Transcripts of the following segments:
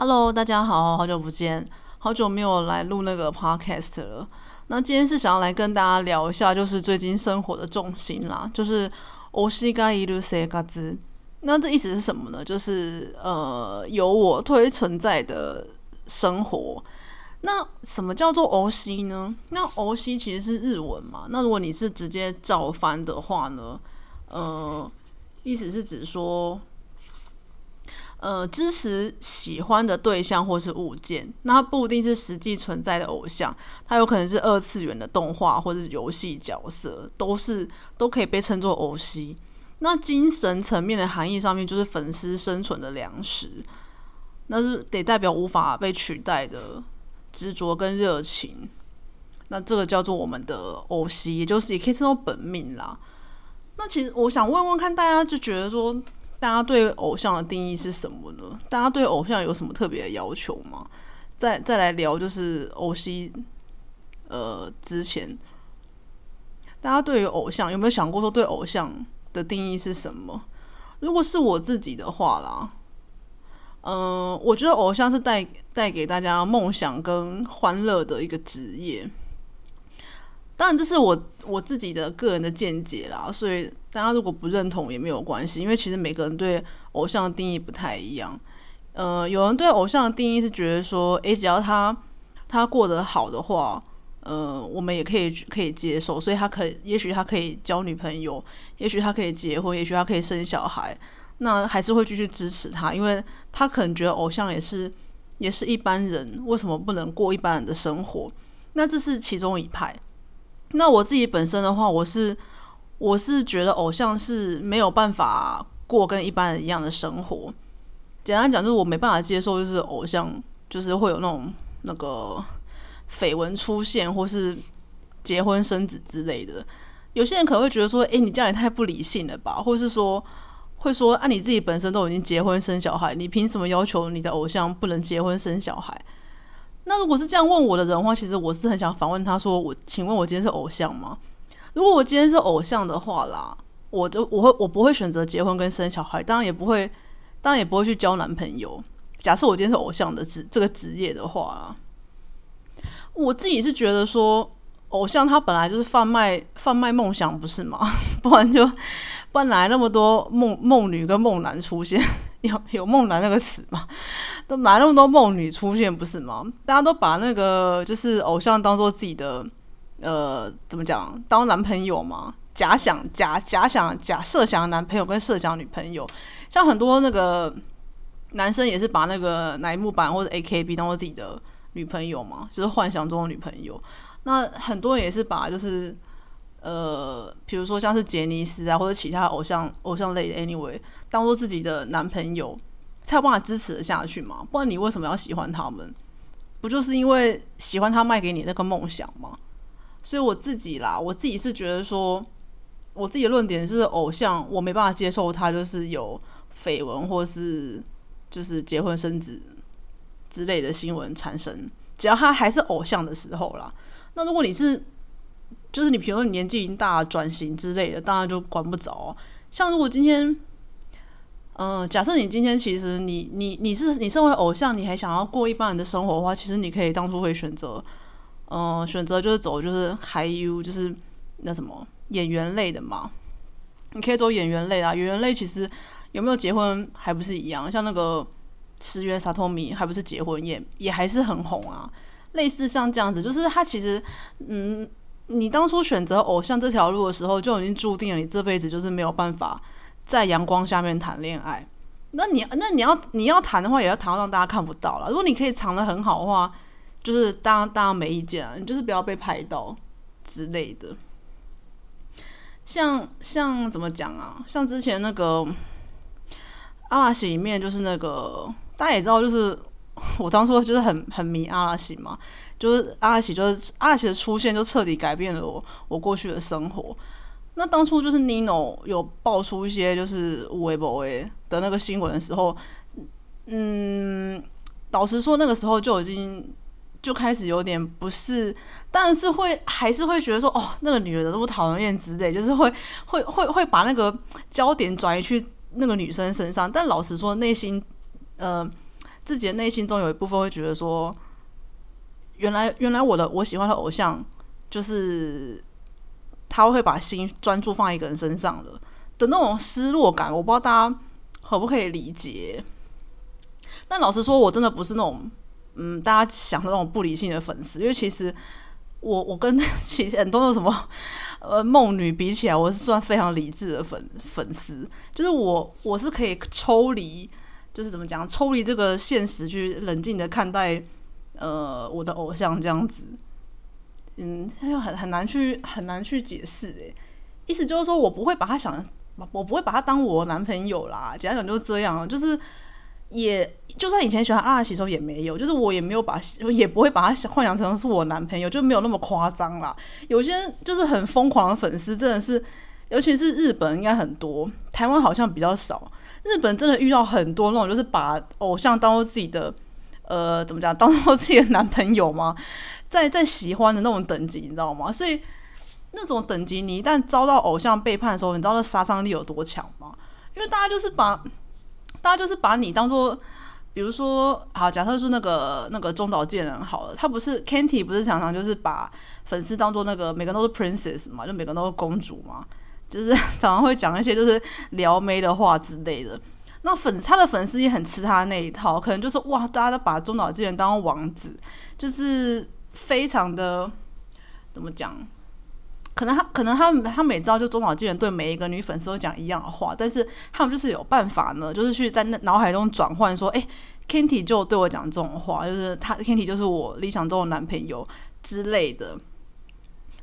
Hello，大家好，好久不見，好久沒有來錄那個 podcast 了。那今天是想要來跟大家聊一下，就是最近生活的重心啦，就是推しがいる生活。那這意思是什麼呢？就是呃，有我推存在的生活。那什麼叫做推し呢？那推し其實是日文嘛。那如果你是直接照翻的話呢，呃，意思是指說。呃，支持喜歡的對象或是物件，那不一定是實際存在的偶像，它有可能是二次元的動畫或者是遊戲角色，都是都可以被稱作推し。那精神層面的含義上面，就是粉絲生存的糧食，那是得代表無法被取代的執着跟熱情。那這個叫做我們的推し，也就是也可以稱作本命啦。那其實我想問問看大家，就覺得說。大家對偶像的定義是什麼呢？大家對偶像有什麼特別的要求嗎？再再來聊，就是偶像。呃，之前大家對於偶像有沒有想過說對偶像的定義是什麼？如果是我自己的話啦，嗯、呃，我覺得偶像是帶帶給大家夢想跟歡樂的一個職業。當然，這是我我自己的個人的見解啦，所以大家如果不認同也沒有關係，因為其實每個人對偶像的定義不太一樣。呃，有人對偶像的定義是覺得說，哎、欸，只要他他過得好的話，呃，我們也可以可以接受，所以他可也許他可以交女朋友，也許他可以結婚，也許他可以生小孩，那還是會繼續支持他，因為他可能覺得偶像也是也是一般人，為什麼不能過一般人的生活？那這是其中一派。那我自己本身的話，我是我是覺得偶像是沒有辦法過跟一般人一樣的生活。簡單講，就是我沒辦法接受，就是偶像就是會有那種那個緋聞出現，或是結婚生子之類的。有些人可能會覺得說，誒，你這樣也太不理性了吧？或是說會說，啊，你自己本身都已經結婚生小孩，你憑什麼要求你的偶像不能結婚生小孩？那如果是這樣問我的人的話，其實我是很想反問他說：“我，請問我今天是偶像嗎？如果我今天是偶像的話啦，我就我會我不會選擇結婚跟生小孩，當然也不會，當然也不會去交男朋友。假設我今天是偶像的職這個職業的話啦，我自己是覺得說，偶像他本來就是販賣販賣夢想，不是嗎？不然就不然哪來那麼多夢夢女跟夢男出現。”有有夢男那個詞嘛？都哪那麼多夢女出現不是嗎？大家都把那個就是偶像當做自己的呃，怎麼講？當男朋友嘛？假想假假想假設想男朋友跟設想女朋友，像很多那個男生也是把那個乃木坂或者 AKB 當做自己的女朋友嘛，就是幻想中的女朋友。那很多人也是把就是。呃，比如說像是杰尼斯啊，或者其他的偶像偶像類的，anyway，當做自己的男朋友，才有辦法支持得下去嘛？不然你為什麼要喜歡他們？不就是因為喜歡他賣給你那個夢想嗎？所以我自己啦，我自己是覺得說，我自己的論點是偶像，我沒辦法接受他就是有緋聞，或是就是結婚生子之類的新聞產生，只要他還是偶像的時候啦。那如果你是就是你，比如說你年紀已經大，轉型之類的，當然就管不着。像如果今天，嗯、呃，假設你今天其實你你你是你身為偶像，你還想要過一般人的生活的話，其實你可以當初會選擇，嗯、呃，選擇就是走就是還有就是那什麼演員類的嘛，你可以走演員類啊。演員類其實有沒有結婚還不是一樣，像那個石原さとみ還不是結婚也也還是很紅啊。類似像這樣子，就是他其實嗯。你當初選擇偶像這條路的時候，就已經注定了你這輩子就是沒有辦法在陽光下面談戀愛。那你那你要你要談的話，也要談到讓大家看不到了。如果你可以藏得很好的話，就是大家大家沒意見啊。你就是不要被拍到之類的。像像怎麼講啊？像之前那個阿拉西裡面，就是那個大家也知道，就是我當初就是很很迷阿拉西嘛。就是阿喜就，就是阿喜的出現，就徹底改變了我我過去的生活。那當初就是 Nino 有爆出一些就是無微博的那個新聞的時候，嗯，老實說那個時候就已經就開始有點不是，但是會還是會覺得說哦，那個女的那麼討人厭之類，就是會會會會把那個焦點轉移去那個女生身上。但老實說，內心呃自己的內心中有一部分會覺得說。原來，原來我的我喜歡的偶像，就是他會把心專注放在一個人身上了的，的那種失落感，我不知道大家可不可以理解。但老實說，我真的不是那種，嗯，大家想的那種不理性的粉絲。因為其實我，我跟其實很多那什麼，呃，夢女比起來，我是算非常理智的粉粉絲。就是我，我是可以抽離，就是怎麼講，抽離這個現實去冷靜的看待。呃，我的偶像這樣子，嗯，很很難去很難去解釋誒、欸，意思就是說我不會把他想，我不會把他當我的男朋友啦，簡單講就是這樣，就是也就算以前喜歡阿喜的時候也沒有，就是我也沒有把，也不會把他想幻想成是我男朋友，就沒有那麼誇張啦。有些就是很瘋狂的粉絲，真的是，尤其是日本應該很多，台灣好像比較少，日本真的遇到很多那種就是把偶像當做自己的。呃，怎麼講？當做自己的男朋友嗎？在在喜歡的那種等級，你知道嗎？所以那種等級，你一旦遭到偶像背叛的時候，你知道殺傷力有多強嗎？因為大家就是把，大家就是把你當做，比如說，好，假設是那個那個中島健人好了，他不是 Kenty，不是常常就是把粉絲當做那個每個人都是 Princess 嘛，就每個人都是公主嘛，就是常常會講一些就是撩妹的話之類的。那粉他的粉絲也很吃他那一套，可能就是哇，大家都把中島紀元當王子，就是非常的怎麼講？可能他可能他他每招就中島紀元對每一個女粉絲都講一樣的話，但是他們就是有辦法呢，就是去在那腦海中轉換說，哎，Kenty 就對我講這種話，就是他 Kenty 就是我理想中的男朋友之類的。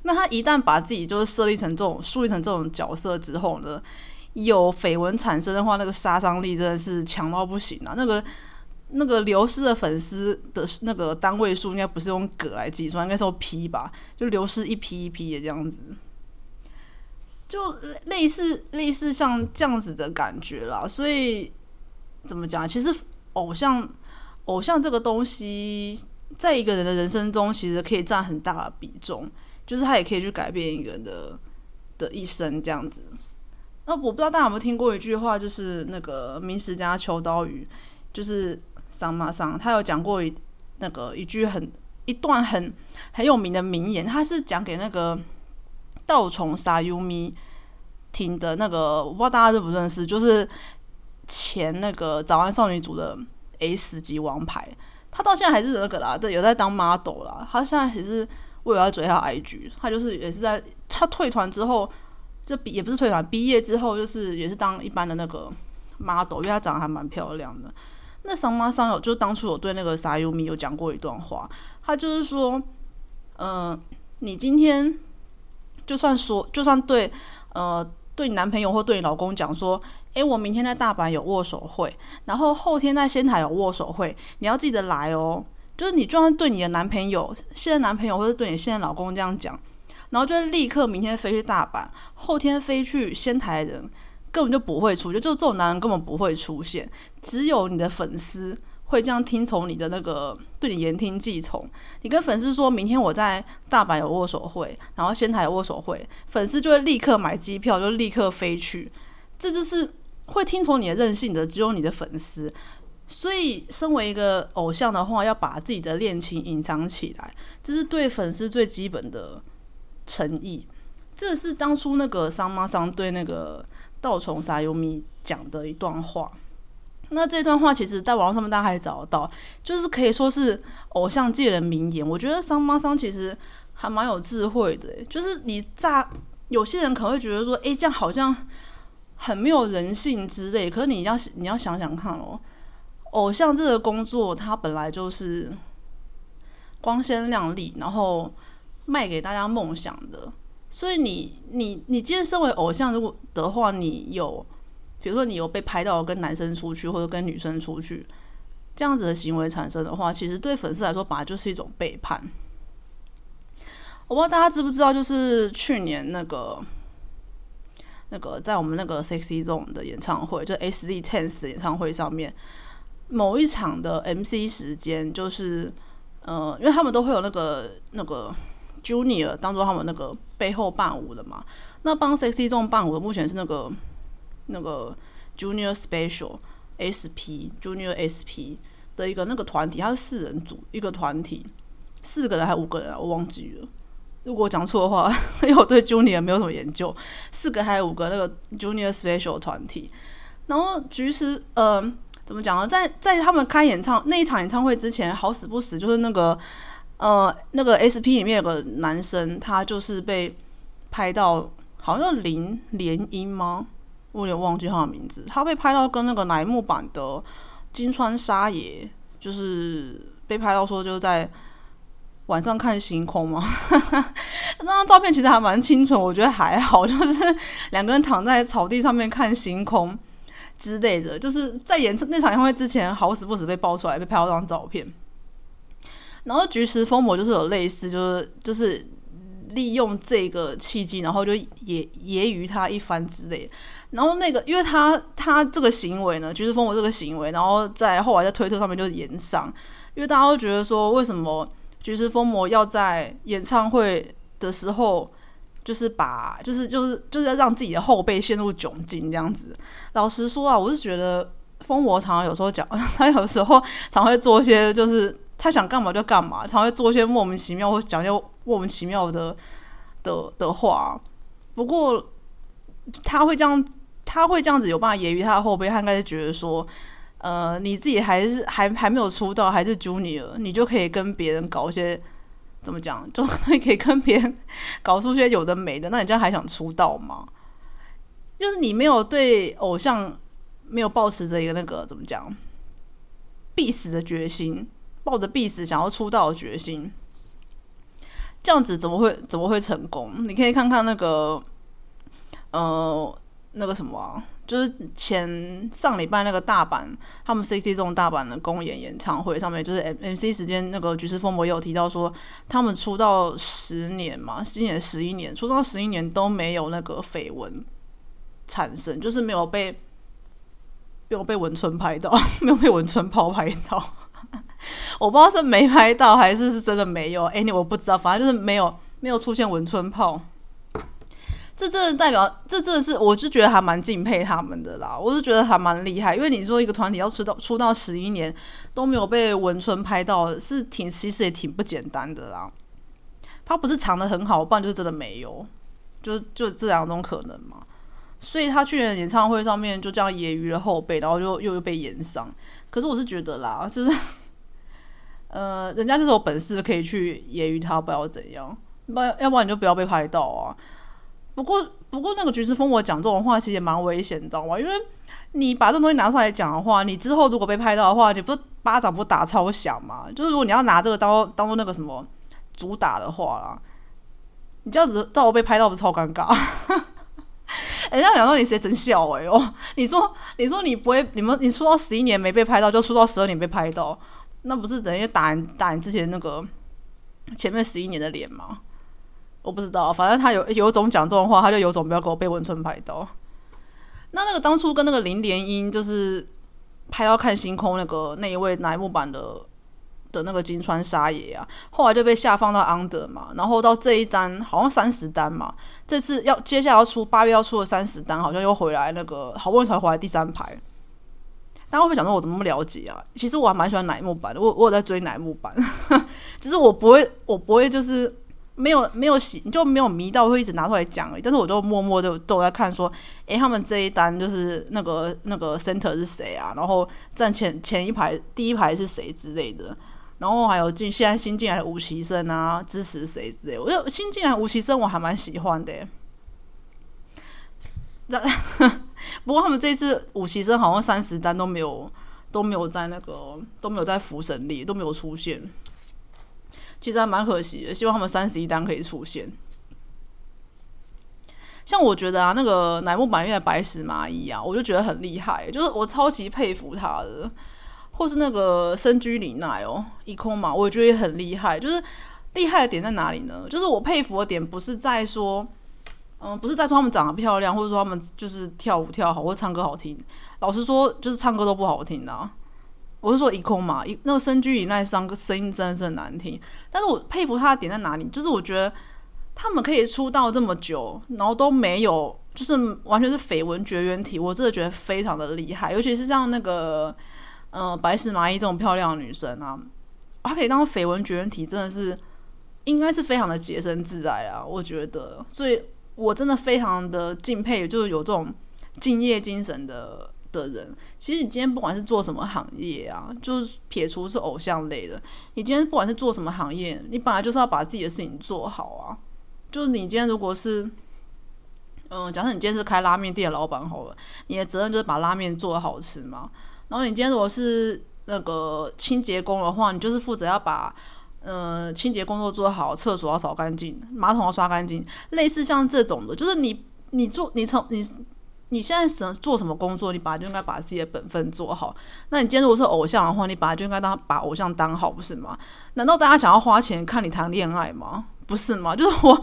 那他一旦把自己就是設立成這種樹立成這種角色之後呢？有緋聞產生的話，那個殺傷力真的是強到不行啊。那個、那個流失的粉絲的那個單位數，應該不是用個來計算，應該是用批吧，就流失一批一批的這樣子，就類似類似像這樣子的感覺啦。所以怎麼講？其實偶像偶像這個東西，在一個人的人生中，其實可以佔很大的比重，就是他也可以去改變一個人的的一生這樣子。那、啊、我不知道大家有沒有聽過一句話，就是那個明石家秋刀魚，就是桑馬桑，他有講過一那個一句很一段很很有名的名言，他是講給那個道重沙優彌聽的。那個我不知道大家認不認識，就是前那個早安少女組的 S 級王牌，他到現在還是那個啦，對，有在當 model 啦。他現在也是我有在追他 IG，他就是也是在他退團之後，就畢也不是退團，畢業之後就是也是當一般的那個 model，因為她長得還蠻漂亮的。那商媽商友就當初我對那個 Sayumi 有講過一段話，她就是說，嗯、呃，你今天就算說就算對呃對你男朋友或對你老公講說，哎、欸，我明天在大阪有握手會，然後後天在仙台有握手會，你要記得來哦。就是你就算對你的男朋友、現在男朋友或者對你現在老公這樣講。然後就會立刻明天飛去大阪，後天飛去仙台，人根本就不會出，就就這種男人根本不會出現，只有你的粉絲會這樣聽從你的那個對你言聽計從。你跟粉絲說，明天我在大阪有握手會，然後仙台有握手會，粉絲就會立刻買機票，就立刻飛去。這就是會聽從你的任性的只有你的粉絲。所以，身為一個偶像的話，要把自己的戀情隱藏起來，這是對粉絲最基本的誠意，這是當初那個桑媽桑對那個道蟲沙優米講的一段話。那這段話其實在網絡上面大家還找得到，就是可以說是偶像界的名言。我覺得桑媽桑其實還蠻有智慧的，就是你乍有些人可能會覺得說，哎、欸，這樣好像很沒有人性之類。可是你要你要想想看哦，偶像這個工作它本來就是光鮮亮麗，然後。賣給大家夢想的，所以你你你，今天身為偶像如果的話，你有比如說你有被拍到跟男生出去或者跟女生出去這樣子的行為產生的話，其實對粉絲來說本來就是一種背叛。我不知道大家知不知道，就是去年那個那個在我們那個 Sexy Zone 的演唱會，就 SZ10 的演唱會上面某一場的 M C 時間，就是呃，因為他們都會有那個那個。Junior 當做他們那個背後伴舞的嘛，那幫 sexy 這種伴舞的目前是那個那個 Junior Special SP Junior SP 的一個那個團體，它是四人組一個團體，四個人還五個人啊？我忘記了，如果講錯的話，因為我對 Junior 沒有什麼研究，四個還有五個那個 Junior Special 團體。然後其實呃，怎麼講呢？在在他們開演唱那一場演唱會之前，好死不死就是那個。呃，那個 SP 裡面有個男生，他就是被拍到好像叫林蓮音嗎？我有點忘記他的名字。他被拍到跟那個乃木坂的金川紗耶，就是被拍到說就在晚上看星空嘛。 那張照片其實還蠻清純，我覺得還好，就是兩個人躺在草地上面看星空之類的，就是在演那場演唱會之前，好死不死被爆出來，被拍到張照片。然後菊池風磨就是有類似，就是就是利用這個契機，然後就揶揶揄他一番之類的。然後那個，因為他他這個行為呢，菊池風磨這個行為，然後在後來在推特上面就炎上，因為大家都覺得說，為什麼菊池風磨要在演唱會的時候就，就是把就是就是就是要讓自己的後輩陷入窘境這樣子。老實說啊，我是覺得風磨常常有時候講，他有時候常會做一些就是。他想幹嘛就幹嘛，常會做一些莫名其妙，或講些莫名其妙的的的話。不過他會這樣，他會這樣子有辦法揶揄他的後輩。他應該是覺得說，呃，你自己還是還還沒有出道，還是 junior，你就可以跟別人搞一些怎麼講，就可以跟別人搞出些有的沒的。那你這樣還想出道嗎？就是你沒有對偶像沒有抱持着一個那個怎麼講，必死的決心。抱着必死想要出道的決心，這樣子怎麼會怎麼會成功？你可以看看那個，呃，那個什麼，啊，就是前上禮拜那個大阪，他們 C C 種大阪的公演演唱會上面，就是 M M C 時間那個爵士風伯也有提到說，他們出道十年嘛，今年十一年，出道十一年都沒有那個緋聞產生，就是沒有被沒有被文春拍到， 沒有被文春砲拍到。我不知道是沒拍到還是是真的沒有，any，欸、我不知道，反正就是沒有沒有出現文春炮，這真的代表這真的是，我就覺得還蠻敬佩他們的啦，我是覺得還蠻厲害，因為你說一個團體要出道出道十一年都沒有被文春拍到，是挺其實也挺不簡單的啦。他不是藏得很好，不然就是真的沒有，就就這兩種可能嘛。所以他去年演唱會上面就這樣揶揄了後輩，然後就又又又被炎上，可是我是覺得啦，就是。呃，人家就是有本事，可以去揶揄他，不要怎樣。不，要不然你就不要被拍到啊。不過，不過那個橘子風，我講這種話其實也蠻危險，你知道嗎？因為你把這種東西拿出來講的話，你之後如果被拍到的話，你不是巴掌不打超響嘛？就是如果你要拿這個當當做那個什麼主打的話啦，你這樣子照我被拍到，不是超尷尬。人家講說你誰真笑誒、欸，哦，你說你說你不會，你們你出道十一年沒被拍到，就出道十二年被拍到。那不是等於打你打你之前那個前面十一年的臉嗎？我不知道，反正他有有種講這種話，他就有種不要給我被文春拍到。那那個當初跟那個林連英就是拍到看星空那個那一位乃木坂的的那個金川紗耶啊，後來就被下放到 under 嘛，然後到這一單好像三十單嘛，這次要接下來要出八月要出的三十單，好像又回來那個好不容易才回來第三排。他會不會想說我怎麼不了解啊？其實我還蠻喜歡乃木坂的，我我有在追乃木坂，只 是我不會我不會就是沒有沒有喜就沒有迷到會一直拿出來講，但是我都默默的都在看說，哎，他們這一單就是那個那個 center 是誰啊？然後站前前一排第一排是誰之類的。然後還有進現在新進來的四期生啊，支持誰之類？我就新進來四期生我還蠻喜歡的，欸。那。 不過他們這次五期生好像三十單都沒有，都沒有在那個都沒有在福神裡都沒有出現。其實還蠻可惜的，希望他們三十一單可以出現。像我覺得啊，那個乃木坂的白石麻衣啊，我就覺得很厲害、欸，就是我超級佩服他的。或是那個深居里奈哦、喔，一空嘛，我也覺得也很厲害。就是厲害的點在哪裡呢？就是我佩服的點不是在說。嗯，不是在說他們長得漂亮，或者說他們就是跳舞跳好，或者唱歌好聽。老實說，就是唱歌都不好聽的。我是說，一空嘛，一那個生駒里奈桑聲音真的是很難聽。但是我佩服他的點在哪裡？就是我覺得他們可以出道這麼久，然後都沒有，就是完全是緋聞絕緣體。我真的覺得非常的厲害。尤其是像那個，嗯、呃，白石麻衣這種漂亮的女生啊，她可以當緋聞絕緣體，真的是應該是非常的潔身自愛啊。我覺得，所以。我真的非常的敬佩，就是有這種敬業精神的的人。其實你今天不管是做什麼行業啊，就是撇除是偶像類的，你今天不管是做什麼行業，你本來就是要把自己的事情做好啊。就是你今天如果是，嗯，假設你今天是開拉麵店的老板好了，你的責任就是把拉麵做好吃嘛。然後你今天如果是那個清潔工的話，你就是負責要把。嗯、呃，清潔工作做好，廁所要掃乾淨，馬桶要刷乾淨，類似像這種的，就是你你做你從你你現在什做什麼工作，你本來就應該把自己的本分做好。那你今天如果是偶像的話，你本來就應該當把偶像當好，不是嗎？難道大家想要花錢看你談戀愛嗎？不是嗎？就是我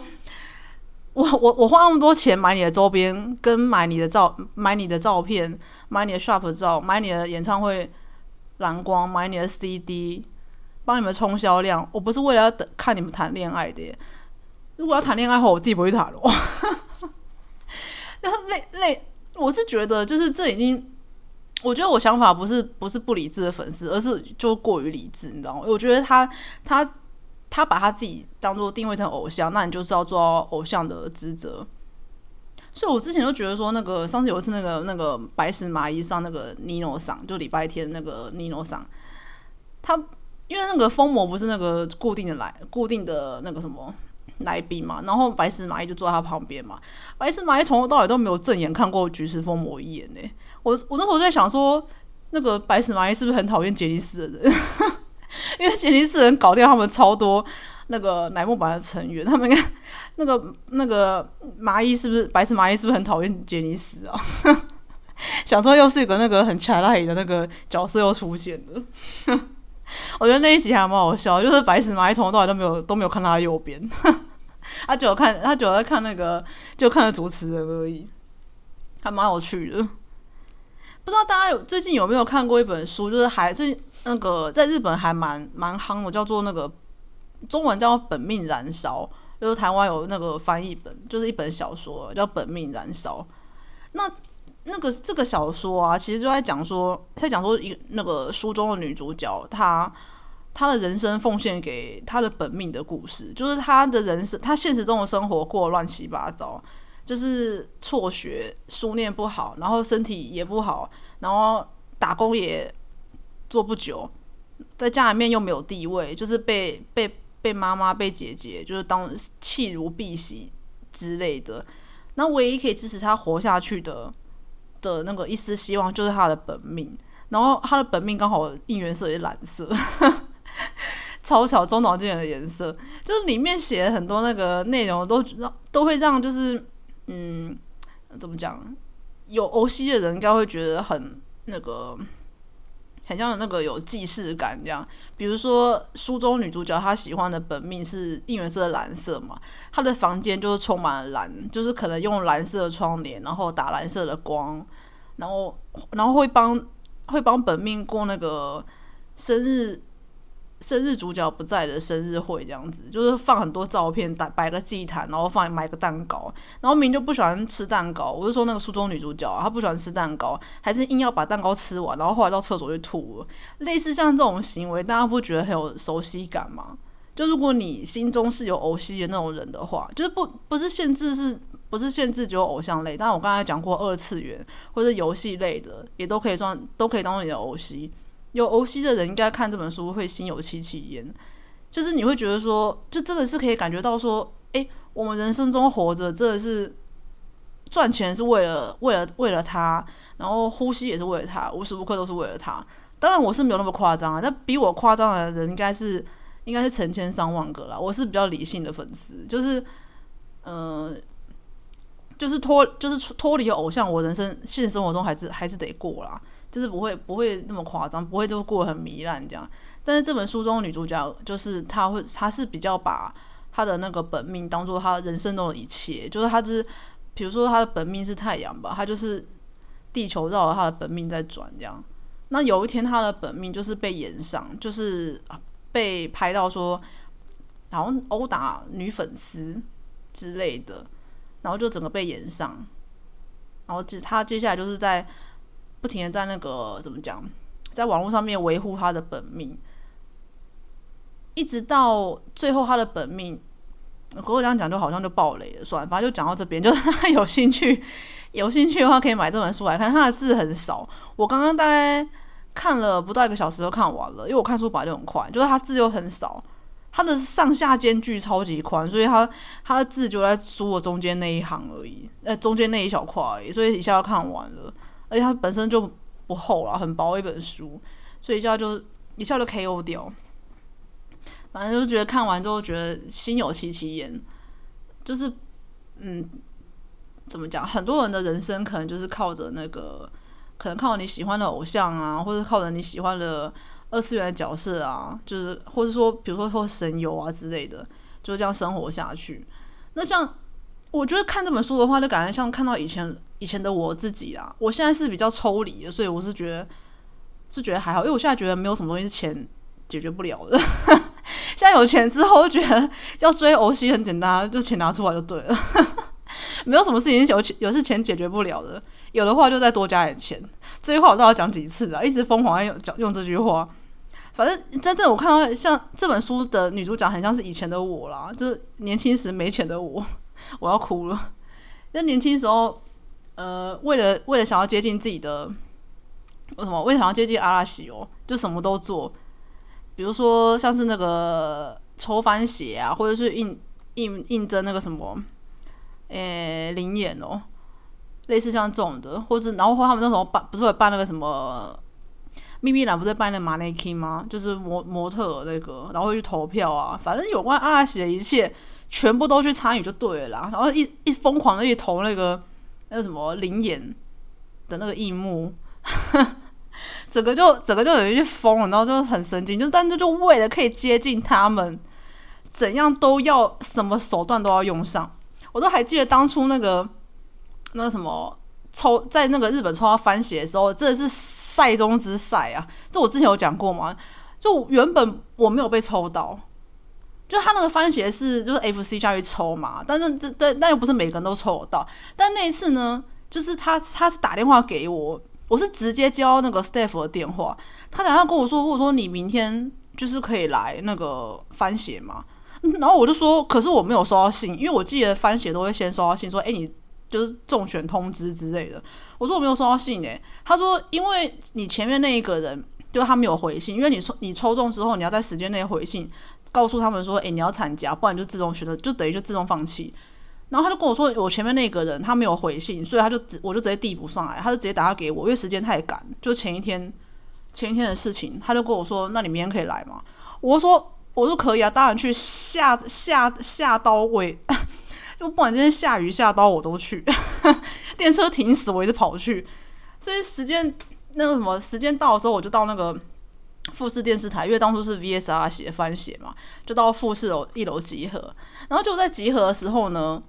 我我我花那麼多錢買你的周邊，跟買你的照買你的照片，買你的 shop 照，買你的演唱會藍光，買你的 CD。幫你們衝銷量，我不是為了要等看你們談戀愛的耶。如果要談戀愛的話，我自己不會談了。然後那那我是覺得，就是這已經，我覺得我想法不是不是不理智的粉絲，而是就過於理智，你知道嗎？我覺得他他他把他自己當做定位成偶像，那你就是要做到偶像的職責。所以，我之前就覺得說，那個上次有一次，那個那個白石麻衣上那個尼諾桑就禮拜天那個尼諾桑他。因為那個瘋魔不是那個固定的來固定的那個什麼來賓嘛，然後白石螞蟻就坐在他旁邊嘛。白石螞蟻從頭到尾都沒有正眼看過橘石瘋魔一眼呢。我我那時候就在想說，那個白石螞蟻是不是很討厭傑尼斯的人？ 因為傑尼斯人搞掉他們超多那個乃木坂的成員。他們看那個那個螞蟻是不是白石螞蟻是不是很討厭傑尼斯啊？ 想說又是一個那個很恰 h 的那個角色又出現了。 我覺得那一集還蠻好笑，就是白石麻衣從頭到尾都沒有都沒有看他右邊 他，他就有看他，只有在看那個就看了主持人而已，還蠻有趣的。不知道大家有最近有沒有看過一本書，就是還最那個在日本還蠻蠻夯的，叫做那個中文叫《本命燃燒》，就是台灣有那個翻譯本，就是一本小說叫《本命燃燒》。那那個這個小說啊，其實就在講說，在講說一那個書中的女主角，她她的人生奉獻給她的本命的故事，就是她的人生，她現實中的生活過亂七八糟，就是輟學，書念不好，然後身體也不好，然後打工也做不久，在家裡面又沒有地位，就是被被被媽媽，被姐姐，就是當棄如敝屣之類的。那唯一可以支持她活下去的。的那個一絲希望就是他的本命，然後他的本命剛好應援色也是藍色，呵呵超巧，中島健人的顏色。就是裡面寫很多那個內容都，都讓都會讓就是嗯，怎麼講，有 OC 的人應該會覺得很那個。很像有那個有即視感，這樣，比如說，書中女主角她喜歡的本命是應援色的藍色嘛，她的房間就是充滿了藍，就是可能用藍色的窗簾，然後打藍色的光，然後然後會幫會幫本命過那個生日。生日主角不在的生日會這樣子，就是放很多照片，擺擺個祭壇，然後放買個蛋糕。然後明明就不喜歡吃蛋糕，我就說那個書中女主角啊，她不喜歡吃蛋糕，還是硬要把蛋糕吃完，然後後來到廁所就吐了。類似像這種行為，大家不覺得很有熟悉感嗎？就如果你心中是有偶像的那種人的話，就是不不是限制是，是不是限制只有偶像類？但我剛才講過，二次元或者遊戲類的也都可以算，都可以當做你的偶像。有 OC 的人應該看這本書會心有戚戚焉，就是你會覺得說，就真的是可以感覺到說，哎、欸，我們人生中活着，真的是賺錢是為了為了為了他，然後呼吸也是為了他，無時無刻都是為了他。當然我是沒有那麼誇張啊，但比我誇張的人應該是應該是成千上萬個啦。我是比較理性的粉絲，就是，呃，就是脫就是脫離偶像，我人生現實生活中還是還是得過啦。就是不會不會那麼誇張，不會就過得很糜爛這樣。但是這本書中的女主角，就是她會，她是比較把她的那個本命當做她人生中的一切。就是她、就是，比如說她的本命是太陽吧，她就是地球繞着她的本命在轉這樣。那有一天她的本命就是被炎上，就是被拍到說，然後毆打女粉絲之類的，然後就整個被炎上，然後接她接下來就是在。不停的在那個怎麼講，在網絡上面維護他的本命，一直到最後他的本命和我這樣講就好像就爆雷了，算了，反正就講到這邊。就是他有興趣，有興趣的話可以買這本書來看。他的字很少，我剛剛大概看了不到一個小時就看完了，因為我看書本來就很快，就是他字又很少，他的上下間距超級寬，所以他他的字就在書的中間那一行而已，呃，中間那一小塊而已，所以一下就看完了。而且它本身就不厚了、啊，很薄一本書，所以一下就一,一下就 KO 掉。反正就覺得看完之後覺得心有戚戚焉，就是嗯，怎麼講？很多人的人生可能就是靠着那個，可能靠你喜歡的偶像啊，或者靠着你喜歡的二次元角色啊，就是或者說比如說說神遊啊之類的，就這樣生活下去。那像。我覺得看這本書的話，就感覺像看到以前以前的我自己啊。我現在是比較抽離的，所以我是覺得是覺得還好，因為我現在覺得沒有什麼東西是錢解決不了的。 現在有錢之後，就覺得要追歐西很簡單，就錢拿出來就對了。 沒有什麼事情有有是錢解決不了的，有的話就再多加點錢。這句話我都要講幾次啊，一直瘋狂用講用這句話。反正真正我看到像這本書的女主角，很像是以前的我啦，就是年輕時沒錢的我。我要哭了，那年輕時候，呃，為了為了想要接近自己的，為什麼？為了想要接近阿拉西哦，就什麼都做，比如說像是那個抽番血啊，或者是應應應徵那個什麼，誒臨演哦，類似像這種的，或者是然後他們那時候辦不是會辦那個什麼。秘密蘭不是扮的馬內基嗎？就是模模特那個，然後會去投票啊，反正有關阿喜的一切，全部都去參與就對了啦。然後一一瘋狂的去投那個那個什麼靈眼的那個螢幕 整個就整個就有一去瘋，然後就是很神經，就但是就為了可以接近他們，怎樣都要什麼手段都要用上。我都還記得當初那個那個，什麼抽在那個日本抽到番茄的時候，真的是，賽中之賽啊，這我之前有講過嘛，就原本我沒有被抽到，就他那個番茄是就是 F C 下去抽嘛，但是但但又不是每個人都抽得到。但那一次呢，就是他他是打電話給我，我是直接交那個 staff 的電話，他然後跟我說，或者說你明天就是可以來那個番茄嘛，然後我就說，可是我沒有收到信，因為我記得番茄都會先收到信，說哎你。就是中選通知之類的，我說我沒有收到信誒、欸，他說因為你前面那一個人，就他沒有回信，因為你說你抽中之後，你要在時間內回信，告訴他們說，誒、欸、你要參加，不然你就自動選擇，就等於就自動放棄。然後他就跟我說，我前面那個人他沒有回信，所以他就我就直接遞補上來，他就直接打給我，因為時間太趕，就前一天前一天的事情，他就跟我說，那你明天可以來嘛？我說我說可以啊，當然去下下下刀位。 不管今天下雨下刀我都去， 電車停死，我一直跑去，所以時間那個什麼時間到的時候，我就到那個富士電視台，因為當初是 VSR 寫番寫嘛，就到富士樓一樓集合。然後就在集合的時候呢，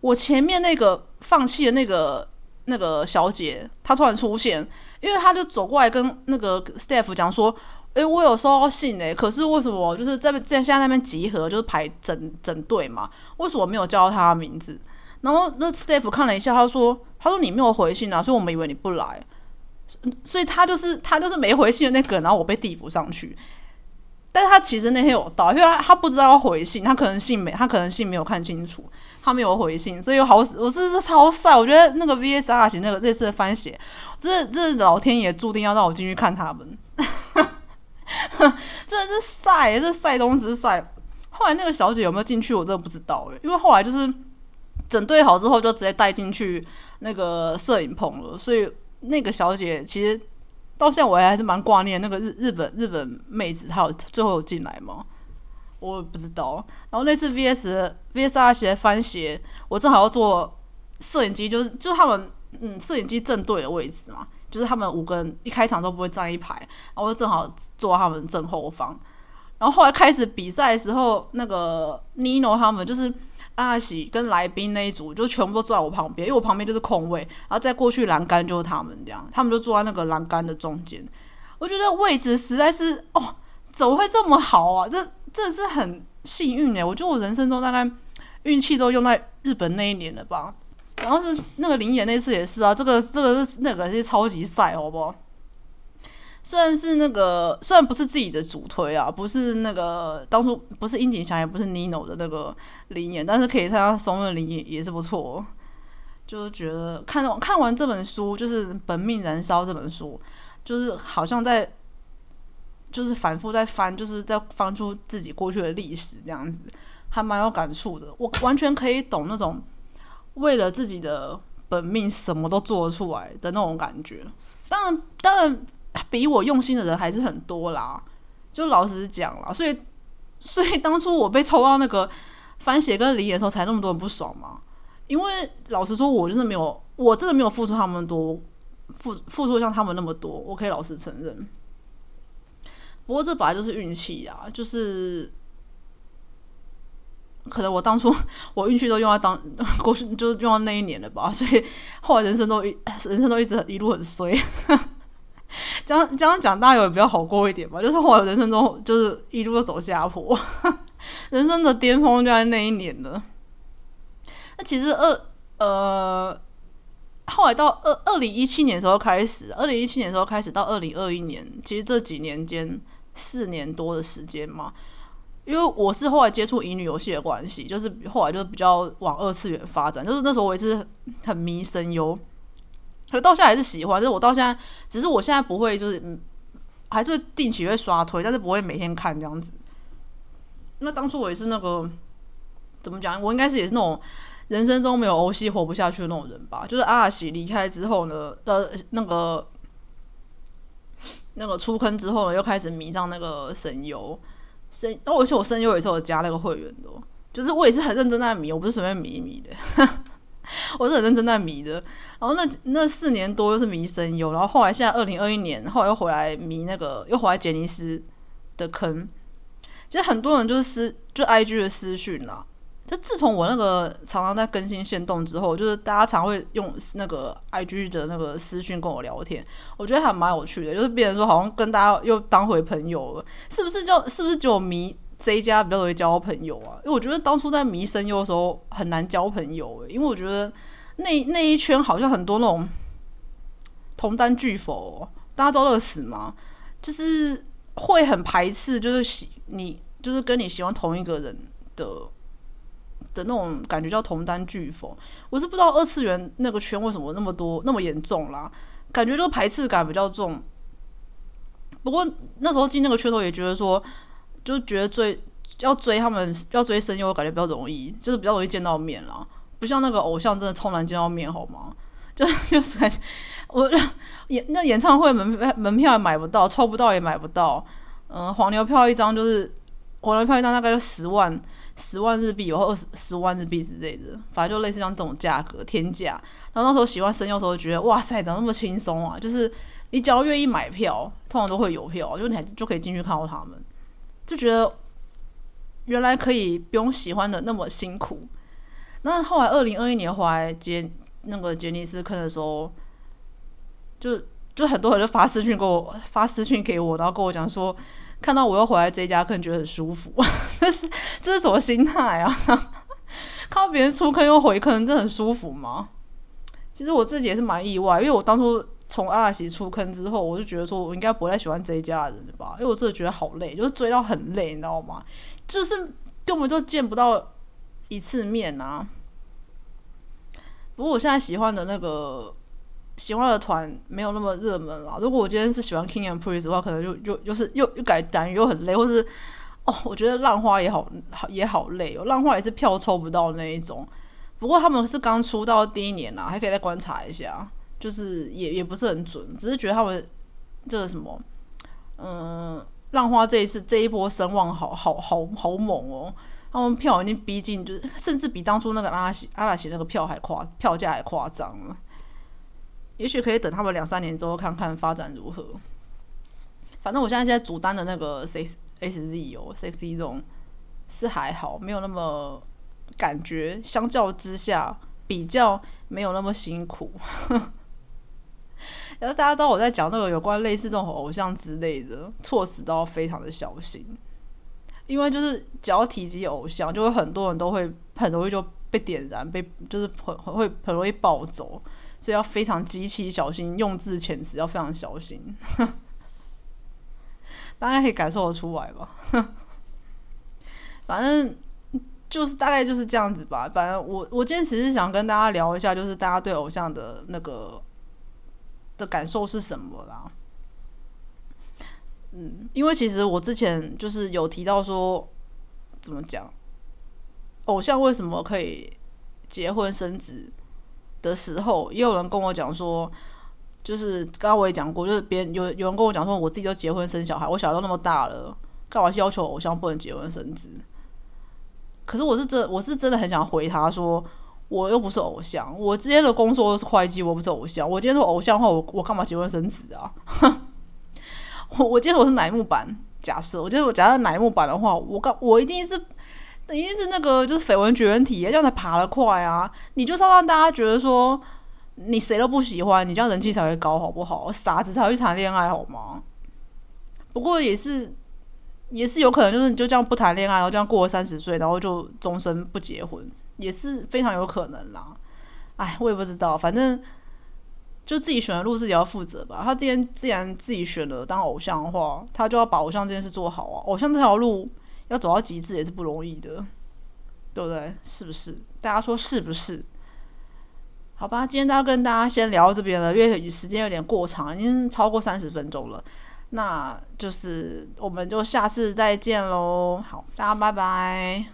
我前面那個放棄的那個那個小姐，她突然出現，因為她就走過來跟那個 staff 講說。誒、欸，我有收到信誒、欸，可是為什麼就是在現在，在那邊集合就是排整整隊嘛？為什麼沒有叫到他的名字？然後那 staff 看了一下，他說：“他說你沒有回信啊，所以我們以為你不來。”所以他就是他就是沒回信的那個人，然後我被遞補上去。但是他其實那天有到，因為他他不知道回信，他可能信沒，他可能信沒有看清楚，他沒有回信，所以好，我是超帥。我覺得那個 VSR 型，那個類似的番寫，這這老天爺注定要讓我進去看他們。哼， 真的是曬，是曬中之曬。後來那個小姐有沒有進去，我真的不知道誒、欸，因為後來就是整隊好之後，就直接帶進去那個攝影棚了。所以那個小姐其實到現在我還還是蠻掛念那個日日本日本妹子，她有最後進來嘛，我也不知道。然後那次 VS VS R 鞋翻鞋，我正好要做攝影機，就是就他們嗯攝影機正對的位置嘛。就是他們五個人一開場都不會站一排，然後我就正好坐他們正後方。然後後來開始比賽的時候，那個 Nino 他們就是阿喜跟來賓那一組，就全部都坐在我旁邊，因為我旁邊就是空位，然後再過去欄杆就是他們這樣，他們就坐在那個欄杆的中間。我覺得位置實在是哦，怎麼會這麼好啊？這這是很幸運哎、欸！我覺得我人生中大概運氣都用在日本那一年了吧。然後是那個靈眼，那次也是啊，這個這個是那個是超級賽，好不好？雖然是那個，雖然不是自己的主推啊，不是那個當初不是櫻井翔，也不是 Nino 的那個靈眼，但是可以看到松的靈眼也是不錯哦。就是覺得看看完這本書，就是《本命燃燒》這本書，就是好像在就是反覆在翻，就是在翻出自己過去的歷史這樣子，還蠻有感觸的。我完全可以懂那種。為了自己的本命什麼都做得出來的那種感覺，當然當然比我用心的人還是很多啦。就老實講啦，所以所以當初我被抽到那個番茄跟李岩的時候，才那麼多人不爽嘛。因為老實說，我就是沒有，我真的沒有付出他們多，付付出像他們那麼多，我可以老實承認。不過這本來就是運氣啊，就是。可能我當初我運氣都用在當過去，就是用到那一年了吧，所以後來人生都一人生都一直很一路很衰。 這樣講大概也比較好過一點吧，就是後來人生中就是一路走下坡， 人生的巔峰就在那一年了。那其實二呃，後來到二二零一七年的時候開始，二零一七年的時候開始到二零二一年，其實這幾年間四年多的時間嘛。因為我是後來接觸乙女遊戲的關係，就是後來就是比較往二次元發展，就是那時候我也是很迷聲優，可是到現在還是喜歡。就是我到現在，只是我現在不會，就是還是會定期會刷推，但是不會每天看這樣子。那當初我也是那個怎麼講？我應該是也是那種人生中沒有遊戲活不下去的那種人吧。就是阿喜離開之後呢，的、呃、那個那個出坑之後呢，又開始迷上那個聲優。聲，然、哦、我我聲優也是我也是有加那個會員的、哦，就是我也是很認真在迷，我不是隨便迷一迷的， 我是很認真在迷的。然後那那四年多又是迷聲優，然後後來現在二零二一年，後來又回來迷那個，又回來傑尼斯的坑。其實很多人就是私，就 IG 的私訊啦。就自從我那個常常在更新限動之後，就是大家常會用那個 IG 的那個私訊跟我聊天，我覺得還蠻有趣的。就是變成說好像跟大家又當回朋友了，是不是？就是不是只有迷這一家比較容易交朋友啊？因為我覺得當初在迷聲優的時候很難交朋友，欸，因為我覺得那那一圈好像很多那種同擔拒否，喔，大家都餓死嘛，就是會很排斥，就是喜你就是跟你喜歡同一個人的。的那種感覺叫同擔巨否，我是不知道二次元那個圈為什麼那麼多那麼嚴重啦，感覺就排斥感比較重。不過那時候進那個圈頭也覺得說，就覺得追要追他們要追聲優感覺比較容易，就是比較容易見到面啦，不像那個偶像真的超難見到面好嗎？就就是感覺我演那演唱會門門票也買不到，抽不到也買不到，嗯，黃牛票一張就是黃牛票一張大概就十萬。十萬日幣，然後二十十萬日幣之類的，反正就類似像這種價格天價。然後那時候喜歡聲優的時候，覺得哇塞，怎麼那麼輕鬆啊？就是你只要願意買票，通常都會有票，就你就可以進去看到他們，就覺得原來可以不用喜歡的那麼辛苦。那後來二零二一年回來，傑那個傑尼斯坑的時候，就就很多人就發私訊給我，發私訊給我，然後跟我講說。看到我又回來這一家，可能覺得很舒服。 這是這是什麼心態啊？ 看到別人出坑又回坑，這很舒服嗎？其實我自己也是蠻意外，因為我當初從阿拉奇出坑之後，我就覺得說我應該不太喜歡這一家的人了吧？因為我真的覺得好累，就是追到很累，你知道嗎？就是根本就見不到一次面啊。不過我現在喜歡的那個。喜歡的團沒有那麼熱門啦、啊。如果我今天是喜歡 King and Prince 的話，可能就，就、就是、又又是又又改單又很累，或是哦，我覺得浪花也好好也好累哦，浪花也是票抽不到那一種。不過他們是剛出道第一年啦、啊，還可以再觀察一下，就是也也不是很準，只是覺得他們這個什麼，嗯、呃，浪花這一次這一波聲望好好好好猛哦，他們票已經逼近，就是甚至比當初那個阿拉西阿拉西那個票還誇票價還誇張了。也許可以等他們兩三年之後看看發展如何。反正我現在現在主擔的那個 s i、喔、x s z 哦，six 這種是還好，沒有那麼感覺。相較之下，比較沒有那麼辛苦。 然後大家都有在講那個有關類似這種偶像之類的措辭都要非常的小心，因為就是只要提及偶像，就會很多人都會很容易就被點燃，被就是很會很容易暴走。所以要非常極其小心，用字遣詞要非常小心， 大家可以感受得出來吧？ 反正就是大概就是這樣子吧。反正我我今天只是想跟大家聊一下，就是大家對偶像的那個的感受是什麼啦。嗯，因為其實我之前就是有提到說，怎麼講，偶像為什麼可以結婚生子？的時候，也有人跟我講說，就是剛剛我也講過，就是別人有有人跟我講說，我自己都結婚生小孩，我小孩都那麼大了，幹嘛要求我偶像不能結婚生子？可是我是真我是真的很想回他說，我又不是偶像，我今天的工作是會計，我不是偶像，我今天是偶像的話，我我幹嘛結婚生子啊？ 我我覺得我是乃木坂，假設，我覺得我假設乃木坂的話，我幹我一定是。等於是那個就是緋聞絕緣體耶這樣才爬得快啊！你就是要讓大家覺得說你誰都不喜歡，你這樣人氣才會高，好不好？傻子才會談戀愛，好嗎？不過也是，也是有可能，就是你就這樣不談戀愛，然後這樣過了三十歲，然後就終身不結婚，也是非常有可能啦。哎，我也不知道，反正就自己選的路自己要負責吧。他既然既然自己選了當偶像的話，他就要把偶像這件事做好啊。偶像這條路。要走到極致也是不容易的，對不對？是不是？大家說是不是？好吧，今天都要跟大家先聊到這邊了，因為時間有點過長，已經超過三十分鐘了。那就是我們就下次再見嘍。好，大家拜拜。